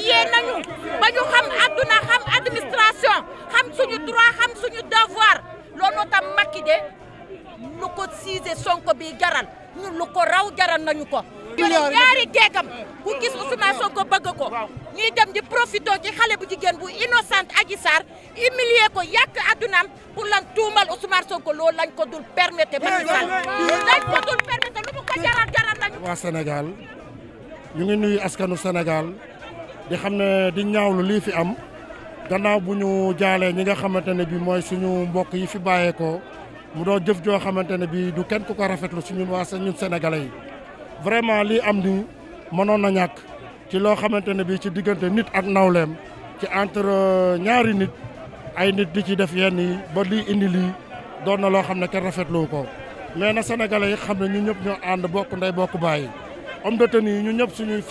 kilifa nañu ba ñu xam adduna xam administration suñu droit xam suñu devoir loolu tam Macky de lu ko siise Sonko bi jaral ñun lu ko raw jaral nañu ko ñaari geegam ku gis Ousmane Sonko bëgg ko ñuy dem di profito bu jigéen bu innocent Adji Sarr humilier ko yàq addunaam pour lan tuumal Ousmane Sonko loolu lañ ko dul permettre Macky Sall ko dul permettre lu mu ko jaral jaral nañu waa Sénégal ñu ngi nuyu askanu Sénégal di xam ne di ñaawlu lii fi am gannaaw bu ñu jaalee ñi nga xamante ne bi mooy suñu mbokk yi fi bàyyeekoo mu doo jëf joo xamante ne bi du kenn ku ko rafetlu suñu waa ñun sénégalais yi vraiment lii am ni mënoon na ñàkk ci loo xamante ne bi ci diggante nit ak nawleem ci entre euh, ñaari nit ay nit di ci def yenn yi ba lii indi lii doon na loo xam ne kenn rafetlu ko mais na sénégalais yi xam ne ñu ñëpp ñoo ànd bokk ndey bokk bàyyi homme de tenue yi ñu ñëpp suñuy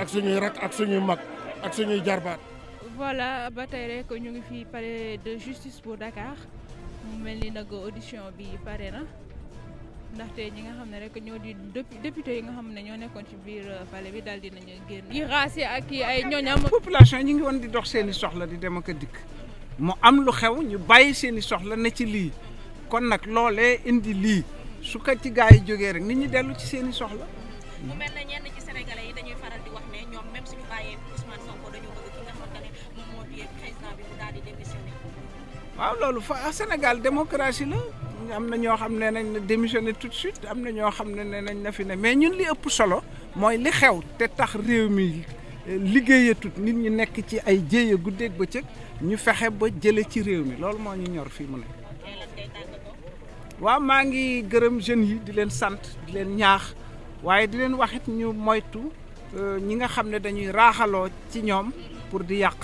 ak suñuy rak mag ak suñuy jarbaat. voilà ba tey rek ñu ngi fi pare de justice pour dakaar mu mel ni nag audition bi pare na ndaxte ñi nga xam ne rek ñoo di député yi nga xam ne ñoo nekkoon ci biir euh, palais bi daal di nañu génn. yi raase ak yi ay ñoñam. population ñi ngi woon di dox seeni soxla di dem ak a dikk mu am lu xew ñu bàyyi seen i soxla na ci lii kon nag loolee indi lii su ko ci gaa yi jógee rek ni ñi dellu ci seen i soxla. ñoom waaw loolu fa ah, Sénégal démocratie la am na ñoo xam ne nañ na démissionné tout de suite am na ñoo xam ne ne nañ na fi ne mais ñun li ëpp solo mooy li xew te tax réew mi eh, liggéeyatu nit ñi nekk ci ay jéeya guddeeg bëccëg ñu fexe ba jële ci réew mi loolu moo ñu ñor fii mu ne waaw maa ngi gërëm jeunes yi di leen sant di leen ñaax waaye di leen waxit ñu moytu Euh, ñi nga xam ne dañuy raaxaloo ci ñoom pour di yàq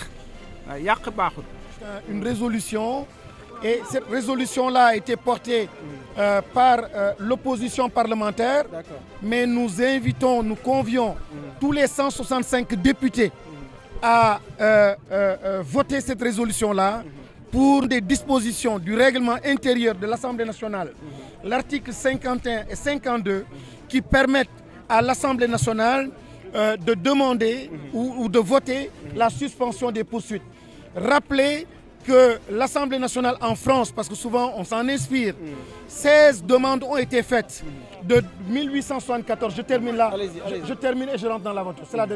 yàq baaxul. Euh, une résolution et cette résolution là a été euh, par euh, l'opposition parlementaire. D'accord. mais nous invitons nous convions mm. tous les 165 députés mm. à euh, voter cette résolution là mm-hmm. pour des dispositions du règlement intérieur de l'Assemblée nationale mm-hmm. l'article 51 et 52 qui permettent à l'Assemblée nationale euh, de demander mhm. ou, ou de voter mhm. la suspension des poursuites. Rappelez que l'Assemblée nationale en France, parce que souvent on s'en inspire, 16 mhm. demandes ont été de 1874. Je termine là. Allez -y, allez -y. Je, je, termine et je rentre dans l'aventure. C'est euh,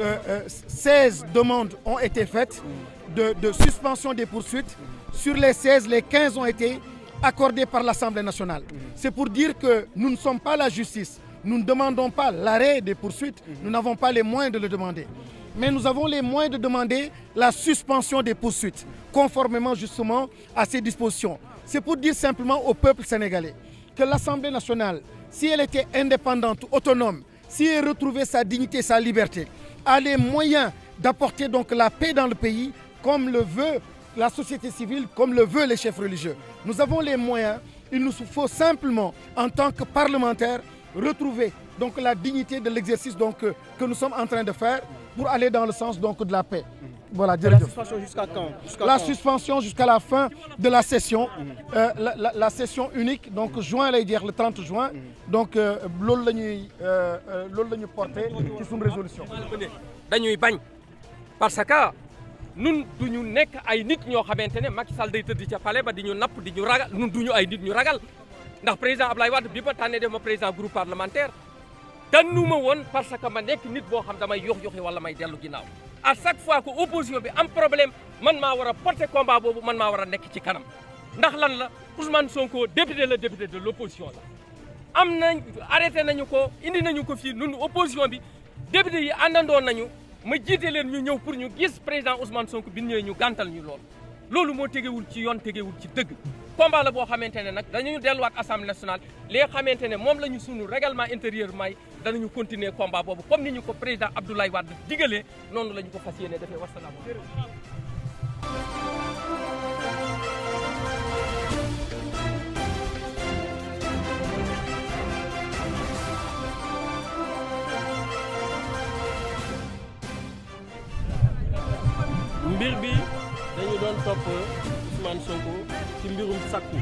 euh, euh, de, de suspension des poursuites. Sur les 16, les 15 ont été accordées par l'Assemblée nationale. C'est pour dire que nous ne sommes pas la justice. Nous ne demandons pas l'arrêt des poursuites, mhm. nous n'avons pas les moyens de le demander. Mais nous avons les moyens de demander la suspension des poursuites, conformément justement à ces dispositions. C'est pour dire simplement au peuple sénégalais que l'Assemblée nationale, si elle était indépendante, autonome, si elle retrouvait sa dignité, sa liberté, a les moyens d'apporter donc la paix dans le pays, comme le veut la société civile, comme le veut les chefs religieux. Nous avons les moyens, il nous faut simplement, en tant que parlementaires, retrouver donc la dignité de l'exercice donc euh, que nous sommes en train de faire pour aller dans le sens donc de la paix. voilà jërëjëf la suspension jusqu'à quand jusqu'à la suspension jusqu'à la fin de la session. Euh, la la la session unique donc juin lay jeex le 30 juin. donc euh, loolu la ñuy loolu la ñu porté ci suñu résolution. dañuy bañ parce que nun du ñu nekk ay nit ñoo xamante ne Macky Sall day tëdd ca palais di ñu napp di ñu ragal nun du ñu ay nit ñu ragal. ndax président Ablaye Wade bi ba tànnee def ma président groupe parlementaire tànnu ma woon parce que ma nekk nit boo xam damay yox yoxi wala may dellu ginnaaw à chaque fois que opposition bi am problème man maa war a porter combat boobu man maa war a nekk ci kanam ndax lan la Ousmane Sonko député la député de l' opposition la. am nañ arrêté nañu ko indi nañu ko fii nun opposition bi député yi àndandoon nañu ma jiite leen ñu ñëw pour ñu gis président Ousmane Sonko bi ñëwee ñu gàntal ñu lool. loolu moo tegewul ci yoon tegewul ci dëgg combat boo xamante ne nag dañuy delluwaat assemblée nationale li nga xamante ne moom la sunu règlement intérieur may danañu continuer combat boobu comme ni ñu ko président Abdoulaye Wade digalee noonu la ko fas yéene defee wasalaam. mbir bi doon topp Ousmane Sonko ci mbirum sàkku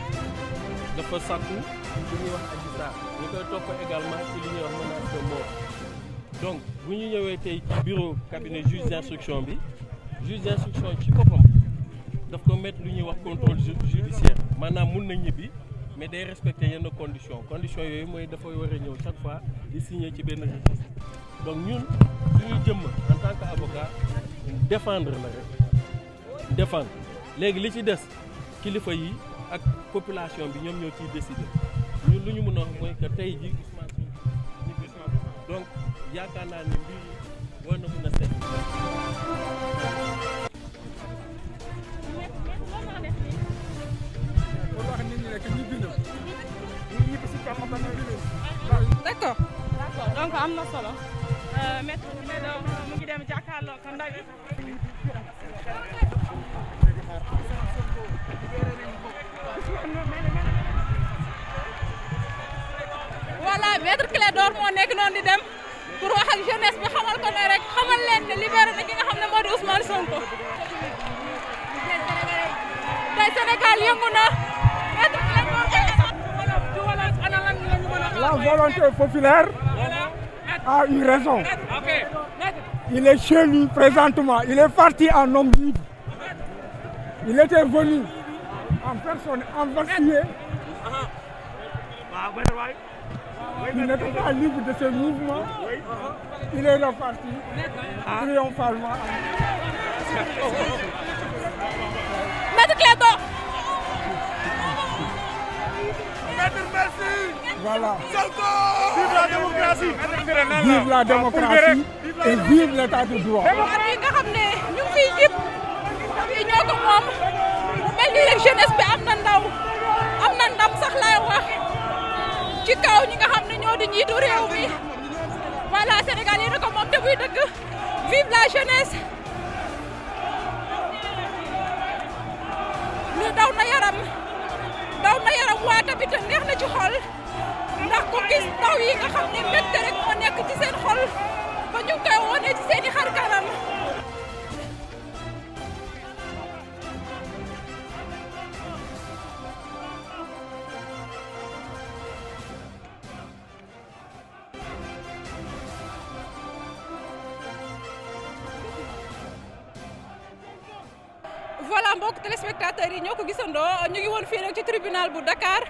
dafa sàkku li ñuy wax Adji Sarr ñu koy topp également ci li ñuy wax menace de mort donc bu ñuy ñëwee tey ci bureau cabinet juge d'instruction bi juge d'instruction ci boppam daf ko mettre lu ñuy wax contrôle judiciaire maanaam mun na ñibbi mais day respecter yenn condition condition yooyu mooy dafa war a ñëw chaque fois di signer ci benn registre donc ñun suñu jëmm en tant que défendre la rek léegi li ci des kilifa yi ak population bi ñoom ñoo ciy décider ñun lu ñu mën a wax ji Ousmane yaakaar naa ne na mën a seet donc am na solo euh, maître mu ngi dem jàkkaarloo ko ndaw voilà maître Clédor moo nekk noonu dem pour wax ak bi xamal ko ne xamal leen ne libéré na ki nga xam ne moo di Ousmane Sonko. tey Sénégal yëngu na maître Clédor kay. la volonté populaire a eu raison. il est chez présentement il est parti en homme libre. il était venu en personne envahir. Il n'était pas libre de ce mouvement. Il est reparti ah. triomphalement. Maître Cléto. Maître Vive la démocratie. et vive l'état de droit. fii ñoo ko moom bu mel nii rek jeunesse bi am na ndaw am na ndam sax laay wax ci kaw ñi nga xam ne ñoo di njiitu réew mi voilà Sénégal yéen a ko moom te buy dëgg vive la jeunesse lu daw na yaram daw na yaram waa tamit neex na ci xol ndax ku gis ndaw yi nga xam ne mbégte rek moo nekk ci seen xol ba ñu koy wone ci seen i xar kanam voilà mbokk téléspectateurs yi ñoo ko gisandoo ñu ngi woon fii nag ci tribunal bu Dakar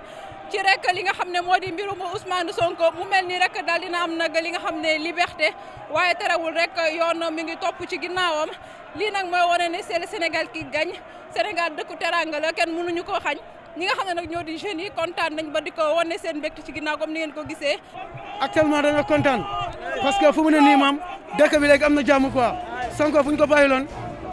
li nga xam ne moo di mbirum Ousmane Sonko mu mel nii rek daal dina am nag li nga xam ne liberté waaye terewul rek yoon mi ngi topp ci ginnaawam lii nag mooy wane ne c'est Sénégal qui gagne Sénégal dëkku teranga la kenn mënuñu ko xañ ñi xam ne nag ñoo di jeunes yi kontaan nañ ba di ko wane seen mbégte ci ginnaaw comme ni ngeen ko gisee. actuellement dañoo kontaan parce que fu mu ne nii maam dëkk bi léegi am na jàmm quoi Sonko fu ñu ko bàyyiloon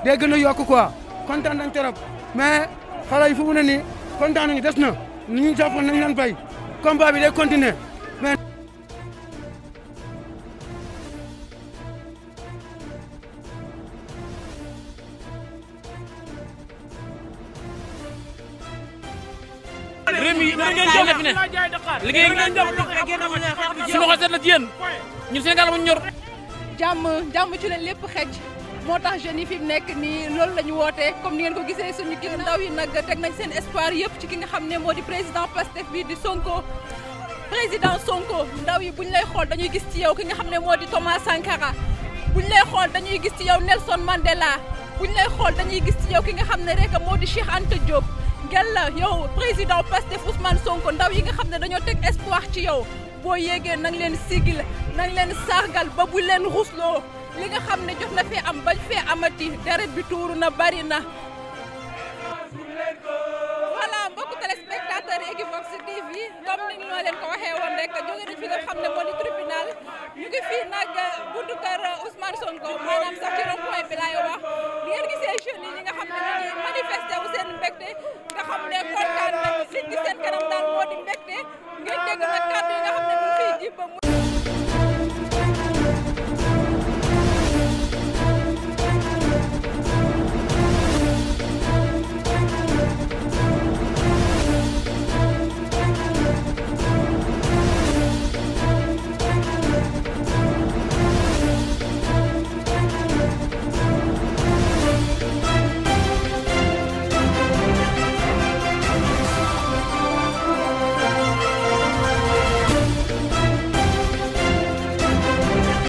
day gën a yokk quoi. kontaan nañ trop mais xale yi fu mu ne nii kontaan nañu des na ni ñu jàppoon nañ leen bay combat bi day continuer mais réew mi moo ne fi ne liggéey suñu xol seet na ci yéen ñun Sénégal mu ñor jàmm jàmm ci leen lépp xej moo tax jeunes yi fi mu nekk nii loolu lañu ñu comme ni ngeen ko gisee suñu kii ndaw yi nag teg nañ seen espoir yëpp ci ki nga xam ne moo di président Pastef bi di Sonko. président Sonko ndaw yi bu ñu lay xool dañuy gis ci yow ki nga xam ne moo di Thomas Sankara bu ñu lay xool dañuy gis ci yow Nelson Mandela bu ñu lay xool dañuy gis ci yow ki nga xam ne rek moo di Cheikh Anta Diop. gella yow président Pastef Ousmane Sonko ndaw yi nga xam ne dañoo teg espoir ci yow boo yéegee nang leen sigil nang leen sargal ba bu leen rusloo. li nga xam ne jot na fee am bañ fee amati deret bi tuuru na bari na. voilà mbokk téléspectateurs yi Equivox TV comme ni leen ko waxee woon rek jóge nañ fi nga xam ne moo di tribunal ñu ngi fii nag buntu kër Ousmane Sonko maanaam sax ci